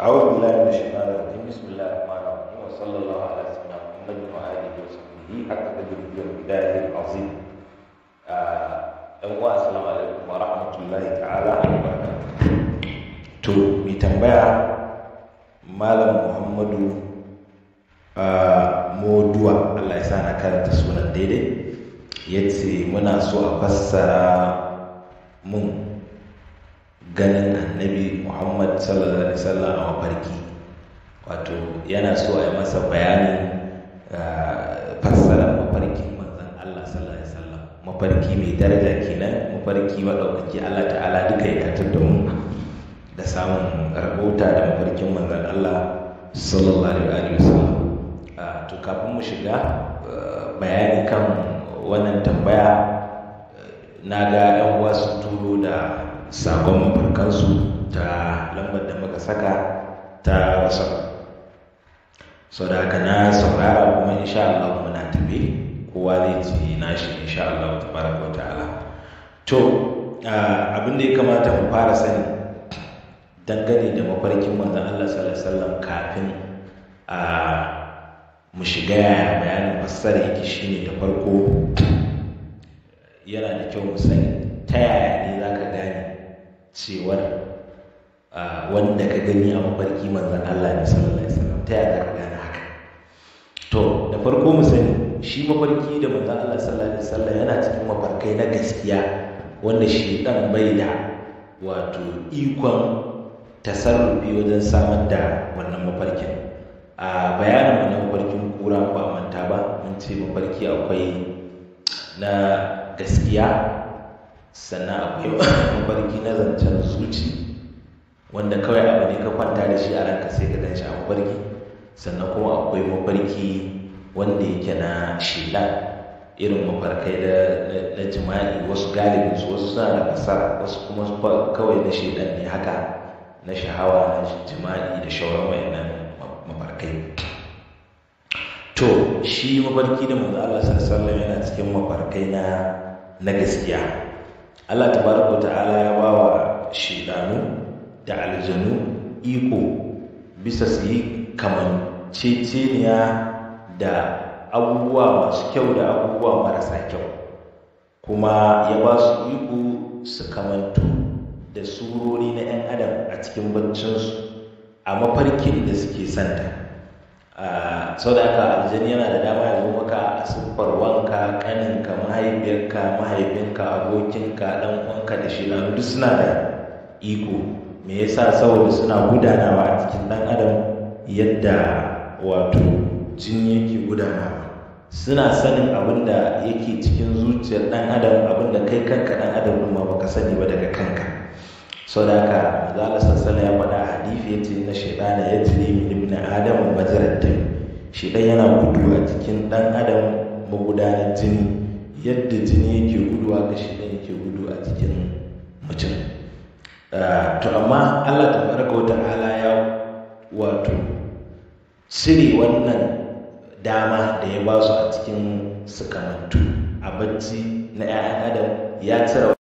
أعوذ بالله من الشيطان الرجيم بسم الله الرحمن الرحيم وصلى الله على سيدنا محمد وآله وصحبه حق قدره وبدايه العظيم ɗan uwa assalamu alaikum wa rahmatullahi ta'ala to mai tambaya malam muhammadu moduwa Allah ya sa na daidai ya ce muna so a fassara mun ganin annabi muhammad sallallahu alaihi wasallam a mafarki wato yana so a yi masa bayanin ah, fassara mafarki manzan allah sallallahu alaihi wasallam mafarki mai daraja kenan mafarki maɗaukaki allah ta'ala duka ya katar da mu da samun rahota da mafarkin manzan allah sallallahu alaihi wasallam ah, to kafin mu shiga ah, bayani kan wannan tambaya na ga yan wasu turo da sakon mafarkansu ta lambar da muka saka ta wasu sau da haka na saurara kuma insha Allah muna tafe kowa zai ci nashi insha Allah tabaraka ko ta'ala to abin da ya kamata mu fara sani dangane da mafarkin manzon Allah sallallahu alaihi wasallam kafin a mu shiga yaya bayanin fassara yake shine da farko yana da kyau mu sani ta yaya ne zaka gane cewar wanda ka gani a mafarki manzan Allah ne sallallahu alaihi wasallam ta yaya ka gane haka to da farko mu shi mafarki da manzan Allah sallallahu alaihi wasallam yana cikin mafarkai na gaskiya wanda shi dan bai da wato ikon tasarrufi wajen samar da wannan mafarkin a bayanin wannan mafarkin kura ba manta ba mun ce mafarki akwai na gaskiya sannan akwai mafarki na zancen zuci wanda kawai abu ne ka kwanta da shi a ranka sai ka gan shi a mafarki sannan kuma akwai mafarki wanda yake na shila irin mafarkai na jima'i wasu galibin su wasu suna da kasar wasu kuma kawai na shaidan ne haka na shahawa na jima'i da shawarar wayannan mafarkai to shi mafarki da manzo Allah sallallahu alaihi yana cikin mafarkai na na gaskiya Allah tabaraka ta'ala ya ba wa shidanu da aljanu iko bisa su yi kamanceceniya da abubuwa masu kyau da abubuwa marasa kyau kuma ya ba su iko su kamantu da surori na 'yan adam a cikin baccinsu a mafarkin da suke santa ah, sau da aka aljani yana da dama ya zo maka a siffar kaninka mahaifiyarka mahaifinka abokinka dan uwanka da shi duk suna da iko me yasa saboda suna gudanawa a cikin dan adam yadda wato jini yake gudanawa suna sanin abin da yake cikin zuciyar dan adam abin kai kanka dan adam ma baka sani ba daga kanka sau da haka zala sassana ya faɗa hadifi ya ce na shaidana ya tile min ibn adam bajarattin shi yana gudu a cikin dan adam magudanar jini yadda jini yake guduwa ga shi ne yake gudu a jikin mutum ah, to amma allah ta tabaraka wa ta'ala ya wato siri wannan dama da ya ba su a cikin sukamantu a bacci na 'ya'yan adam ya cire